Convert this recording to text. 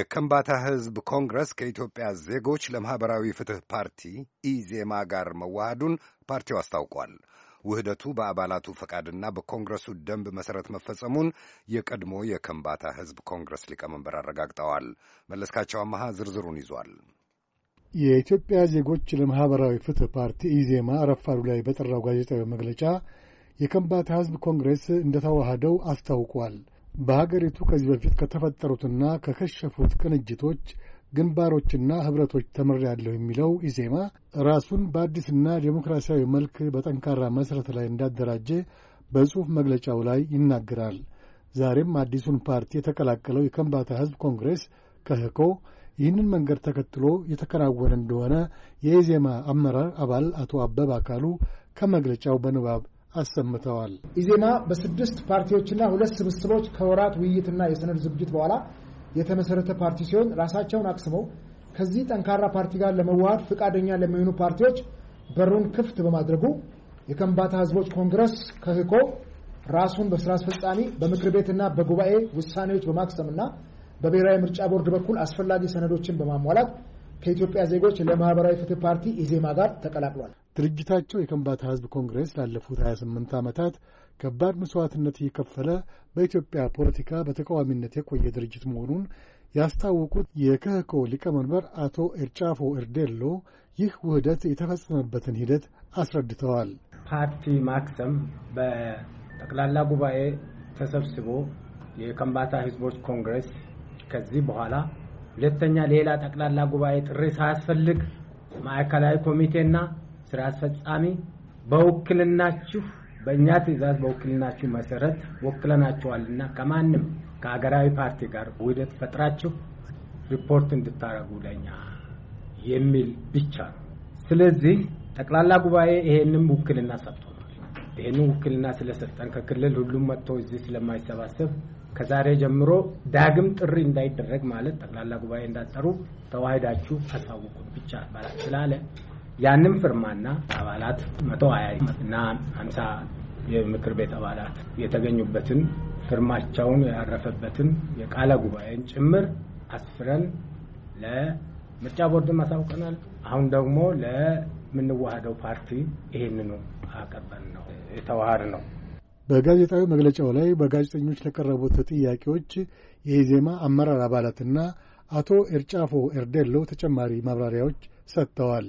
የከምባታ ሕዝብ ኮንግረስ ከኢትዮጵያ ዜጎች ለማኅበራዊ ፍትሕ ፓርቲ ኢዜማ ጋር መዋሃዱን ፓርቲው አስታውቋል። ውህደቱ በአባላቱ ፈቃድና በኮንግረሱ ደንብ መሠረት መፈጸሙን የቀድሞ የከምባታ ሕዝብ ኮንግረስ ሊቀመንበር አረጋግጠዋል። መለስካቸው አመሃ ዝርዝሩን ይዟል። የኢትዮጵያ ዜጎች ለማኅበራዊ ፍትሕ ፓርቲ ኢዜማ ረፋዱ ላይ በጠራው ጋዜጣዊ መግለጫ የከምባታ ሕዝብ ኮንግሬስ እንደተዋሃደው አስታውቋል። በሀገሪቱ ከዚህ በፊት ከተፈጠሩትና ከከሸፉት ቅንጅቶች ግንባሮችና ኅብረቶች ተምሬያለሁ የሚለው ኢዜማ ራሱን በአዲስና ዴሞክራሲያዊ መልክ በጠንካራ መሠረት ላይ እንዳደራጀ በጽሑፍ መግለጫው ላይ ይናገራል። ዛሬም አዲሱን ፓርቲ የተቀላቀለው የከምባታ ሕዝብ ኮንግሬስ ከህኮ ይህንን መንገድ ተከትሎ የተከናወነ እንደሆነ የኢዜማ አመራር አባል አቶ አበብ አካሉ ከመግለጫው በንባብ አሰምተዋል። ኢዜማ በስድስት ፓርቲዎችና ሁለት ስብስቦች ከወራት ውይይትና የሰነድ ዝግጅት በኋላ የተመሰረተ ፓርቲ ሲሆን ራሳቸውን አቅስመው ከዚህ ጠንካራ ፓርቲ ጋር ለመዋሃድ ፈቃደኛ ለሚሆኑ ፓርቲዎች በሩን ክፍት በማድረጉ የከንባታ ህዝቦች ኮንግረስ ከህኮ ራሱን በስራ አስፈጻሚ በምክር ቤትና በጉባኤ ውሳኔዎች በማክሰምና በብሔራዊ ምርጫ ቦርድ በኩል አስፈላጊ ሰነዶችን በማሟላት ከኢትዮጵያ ዜጎች ለማህበራዊ ፍትህ ፓርቲ ኢዜማ ጋር ተቀላቅሏል። ድርጅታቸው የከምባታ ህዝብ ኮንግሬስ ላለፉት 28 ዓመታት ከባድ መሥዋዕትነት እየከፈለ በኢትዮጵያ ፖለቲካ በተቃዋሚነት የቆየ ድርጅት መሆኑን ያስታወቁት የክህኮ ሊቀመንበር አቶ ኤርጫፎ ኤርዴሎ ይህ ውህደት የተፈጸመበትን ሂደት አስረድተዋል። ፓርቲ ማክሰም በጠቅላላ ጉባኤ ተሰብስቦ የከንባታ ህዝቦች ኮንግሬስ ከዚህ በኋላ ሁለተኛ ሌላ ጠቅላላ ጉባኤ ጥሪ ሳያስፈልግ ማዕከላዊ ኮሚቴና ስራ አስፈጻሚ በውክልናችሁ በእኛ ትእዛዝ በውክልናችሁ መሰረት ወክለናችኋልና ከማንም ከሀገራዊ ፓርቲ ጋር ውህደት ፈጥራችሁ ሪፖርት እንድታረጉ ለኛ የሚል ብቻ ነው። ስለዚህ ጠቅላላ ጉባኤ ይሄንም ውክልና ሰጥቶናል። ይሄንን ውክልና ስለሰጠን ከክልል ሁሉም መጥቶ እዚህ ስለማይሰባሰብ ከዛሬ ጀምሮ ዳግም ጥሪ እንዳይደረግ ማለት ጠቅላላ ጉባኤ እንዳጠሩ ተዋሂዳችሁ አሳውቁን ብቻ ስላለ ያንም ፍርማና አባላት መቶ ሀያ እና ሀምሳ የምክር ቤት አባላት የተገኙበትን ፍርማቸውን ያረፈበትን የቃለ ጉባኤን ጭምር አስፍረን ለምርጫ ቦርድ አሳውቀናል። አሁን ደግሞ ለምንዋሃደው ፓርቲ ይህንኑ አቀበል ነው የተዋሃድ ነው። በጋዜጣዊ መግለጫው ላይ በጋዜጠኞች ለቀረቡት ጥያቄዎች የኢዜማ አመራር አባላትና አቶ ኤርጫፎ ኤርዴሎ ተጨማሪ ማብራሪያዎች ሰጥተዋል።